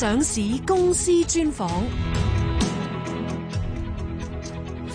上市公司專訪。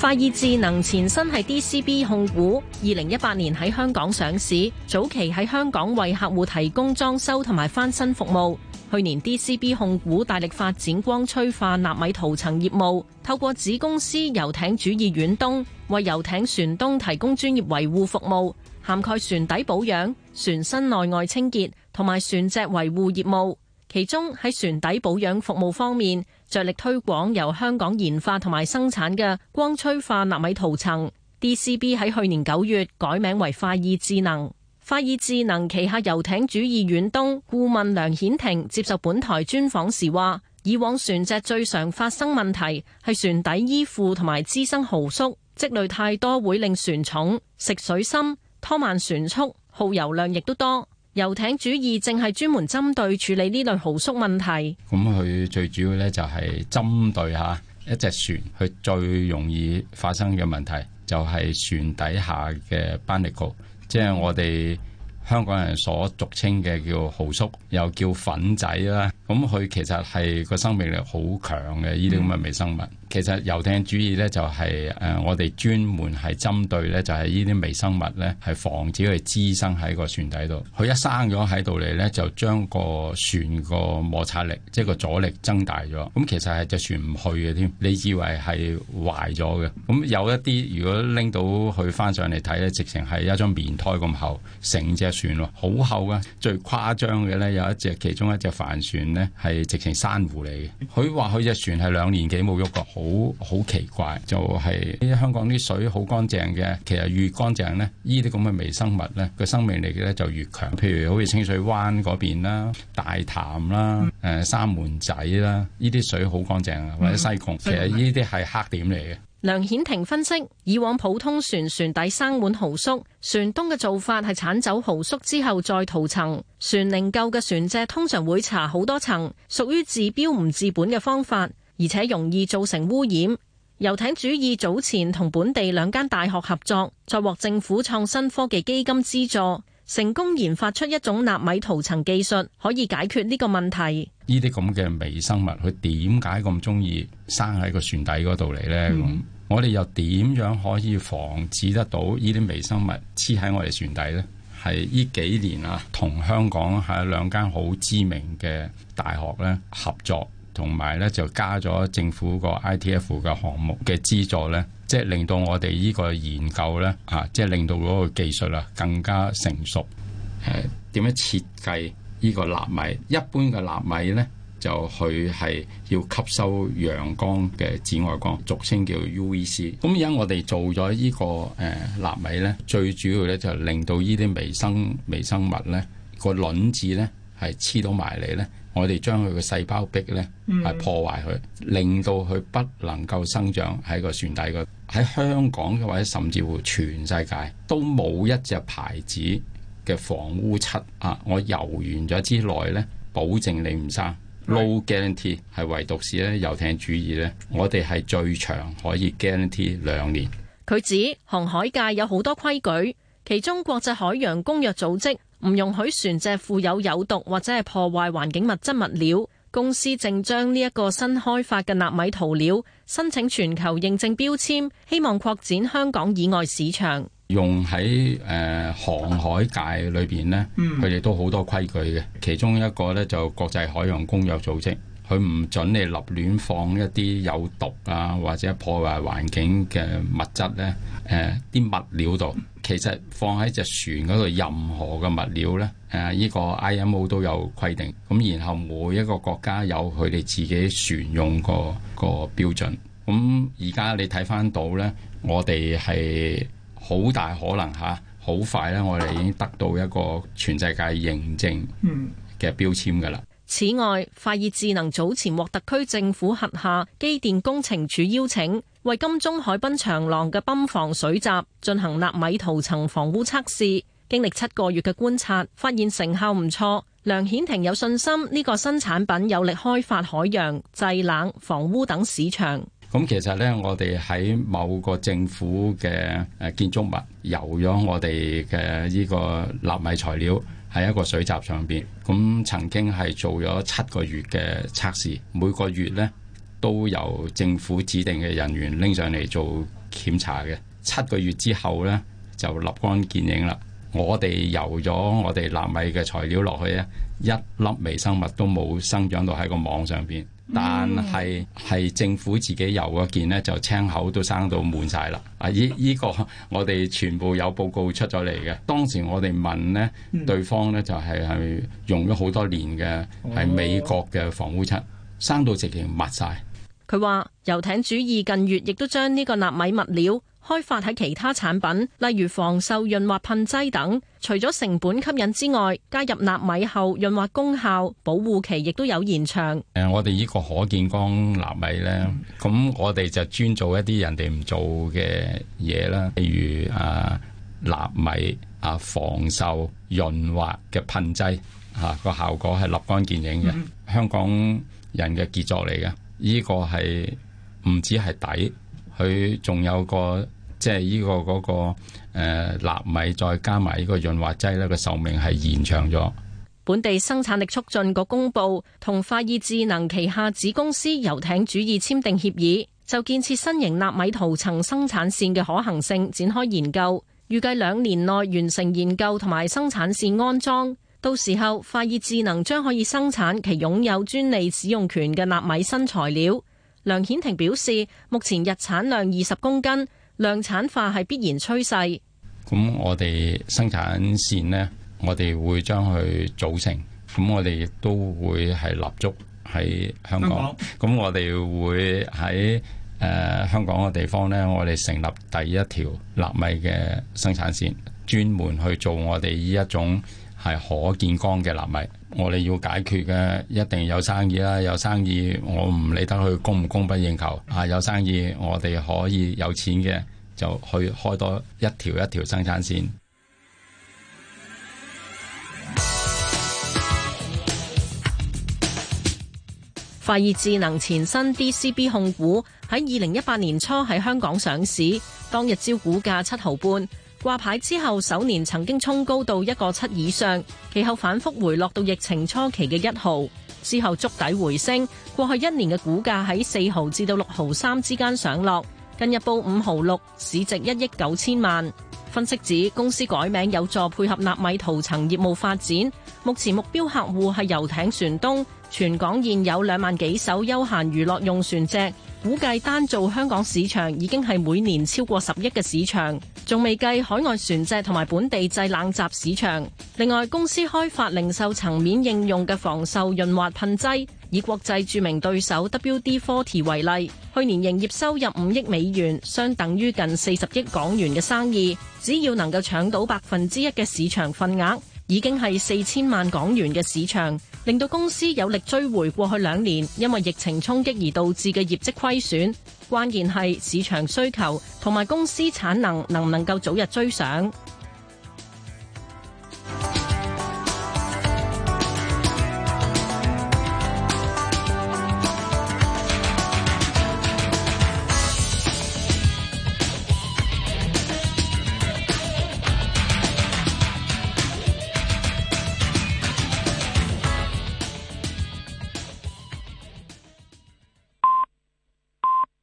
快意智能前身係 DCB 控股，二零一八年喺香港上市，早期喺香港為客戶提供裝修同埋翻新服務。去年 DCB 控股大力發展光催化納米塗層業務，透過子公司遊艇主義遠東，為遊艇船東提供專業維護服務，涵蓋船底保養、船身內外清潔同埋船隻維護業務。其中喺船底保養服務方面，着力推廣由香港研發同埋生產嘅光催化納米塗層。D.C.B 喺去年九月改名為快意智能。快意智能旗下游艇主義遠東顧問梁顯庭接受本台專訪時話，以往船隻最常發生問題係船底依附同埋滋生蠔縮，積累太多會令船重、食水深、拖慢船速、耗油量亦都多。遊艇主義正係專門針對處理呢類豪縮問題。咁佢最主要咧，就係針對吓一隻船，佢最容易發生嘅問題就係船底下嘅 barnacle，即係我哋香港人所俗稱嘅叫豪縮，又叫粉仔啦。咁佢其實係個生命力好強嘅，呢啲咁嘅微生物。嗯其實遊艇主義呢，就係誒，我哋專門係針對呢，就係呢啲微生物呢，係防止佢滋生喺個船底度。佢一生咗喺度嚟呢，就將個船個摩擦力即係、就是、個阻力增大咗。咁其實係隻船唔去嘅添，你以為係壞咗嘅。咁有一啲如果拎到佢翻上嚟睇呢，直情係一張棉胎咁厚，成隻船咯，好厚啊！最誇張嘅呢，有一隻其中一隻帆船呢，係直情珊瑚嚟嘅。佢話佢隻船係兩年幾冇喐過，好好奇怪，就係呢啲香港啲水好乾淨嘅，其實越乾淨呢，呢啲咁嘅微生物呢，個生命力呢就越強。譬如好似清水灣嗰邊啦、大潭啦、誒三門仔啦，呢啲水好乾淨啊，或者西貢，其實呢啲係黑點嚟嘅。梁顯庭分析，以往普通船船底生滿蠔縮，船東嘅做法係鏟走蠔縮之後再塗層。船齡舊嘅船隻通常會查好多層，屬於治標唔治本嘅方法。而且容易造成污染。遊艇主義早前同本地兩間大學合作，再獲政府創新科技基金資助，成功研發出一種納米塗層技術，可以解決呢個問題。呢啲咁嘅微生物，佢點解咁中意生喺個船底嗰度嚟咧？嗯、咁我哋又點樣可以防止得到呢啲微生物黐喺我哋船底咧？係呢幾年啊，同香港喺兩間好知名嘅大學咧合作。同埋咧就加咗政府個 ITF 嘅項目嘅資助咧，即係令到我哋呢個研究咧，啊，即係令到嗰個技術啊更加成熟。誒、呃，點樣設計呢個納米？一般嘅納米咧就佢係要吸收陽光嘅紫外光，俗稱叫 UVC。咁而家我哋做咗呢個誒納米咧，最主要咧就係、令到呢啲微，微生物微生物咧個卵子咧，係黐到埋嚟呢，我哋將佢個細胞壁呢係破壞佢，令到佢不能夠生長喺個船底個。喺香港或者甚至乎全世界都冇一隻牌子嘅防污漆啊！我遊完咗之內呢，保證你唔生。Low、no、guarantee 係唯獨是呢遊艇主義呢我哋係最長可以 guarantee 兩年。佢指航海界有好多規矩，其中國際海洋公約組織。唔容許船隻附有有毒或者係破壞環境物質物料。公司正將呢一個新開發嘅納米塗料申請全球認證標籤，希望擴展香港以外市場。用喺誒、呃、航海界裏邊呢，佢哋都好多規矩嘅，其中一個呢，就國際海洋公約組織。佢唔准你立亂放一啲有毒啊，或者破壞環境嘅物質呢啲、呃、物料度，其實放喺隻船嗰度任何嘅物料呢，誒、呃、依、呢個 IMO 都有規定，咁然後每一個國家有佢哋自己船用個個標準，咁而家你睇返到呢，我哋係好大可能嚇，好、啊、快呢，我哋已經得到一個全世界認證嘅標籤㗎喇。此外，快意智能早前獲特區政府轄下機電工程署邀請，為金鐘海濱長廊嘅泵房水閘進行納米塗層防污測試。經歷七個月嘅觀察，發現成效唔錯。梁顯庭有信心呢個新產品有力開發海洋製冷防污等市場。咁其實呢，我哋喺某個政府嘅建築物，油咗我哋嘅呢個納米材料。喺一個水閘上邊，咁曾經係做咗七個月嘅測試，每個月咧都由政府指定嘅人員拎上嚟做檢查嘅。七個月之後咧，就立竿見影啦。我哋油咗我哋納米嘅材料落去啊，一粒微生物都冇生長到喺個網上邊。但係係政府自己油嗰件呢，就青口都生到滿晒啦！啊，依、這、依個我哋全部有報告出咗嚟嘅。當時我哋問呢對方呢，就係、是、係用咗好多年嘅係美國嘅防污漆，生到直情密晒。佢話：遊艇主義近月亦都將呢個納米物料。開發喺其他產品，例如防鏽潤滑噴劑等，除咗成本吸引之外，加入納米後，潤滑功效、保護期亦都有延長。誒，我哋呢個可見光納米呢，咁、嗯、我哋就專做一啲人哋唔做嘅嘢啦，例如啊納米啊防鏽潤滑嘅噴劑，嚇、啊、個效果係立竿見影嘅。嗯、香港人嘅傑作嚟嘅，呢、呢個係唔止係底。佢仲有個即係呢個嗰個誒，呃，納米，再加埋呢個潤滑劑咧，個壽命係延長咗。本地生產力促進局公布，同快意智能旗下子公司遊艇主義簽訂協議，就建設新型納米塗層生產線嘅可行性，展開研究，預計兩年內完成研究同埋生產線安裝，到時候，快意智能將可以生產其擁有專利使用權嘅納米新材料。梁顯庭表示，目前日產量二十公斤，量產化係必然趨勢。咁我哋生產線呢，我哋會將佢組成。咁我哋亦都會係立足喺香港。咁我哋會喺誒香港嘅、呃、地方呢，我哋成立第一條納米嘅生產線，專門去做我哋呢一種。係可見光嘅納米，我哋要解決嘅一定有生意啦。有生意，我唔理得佢供唔供不應求。啊，有生意，我哋可以有錢嘅就去開多一條一條生產線。快意智能前身 DCB 控股喺二零一八年初喺香港上市，當日招股價七毫半。掛牌之後，首年曾經衝高到一個七以上，其後反覆回落到疫情初期嘅一毫，之後築底回升。過去一年嘅股價喺四毫至到六毫三之間上落，近日報五毫六，市值一億九千萬。分析指公司改名有助配合納米塗層業務發展，目前目標客戶係遊艇船東，全港現有兩萬幾艘休閒娛樂用船隻，估計單做香港市場已經係每年超過十億嘅市場。仲未計海外船隻同埋本地製冷集市場。另外，公司開發零售層面應用嘅防鏽潤滑噴劑，以國際著名對手 WD-40 為例，去年營業收入五億美元，相等於近四十億港元嘅生意。只要能夠搶到百分之一嘅市場份額，已經係四千萬港元嘅市場。令到公司有力追回過去兩年因為疫情衝擊而導致嘅業績虧損，關鍵係市場需求同埋公司產能能唔能夠早日追上。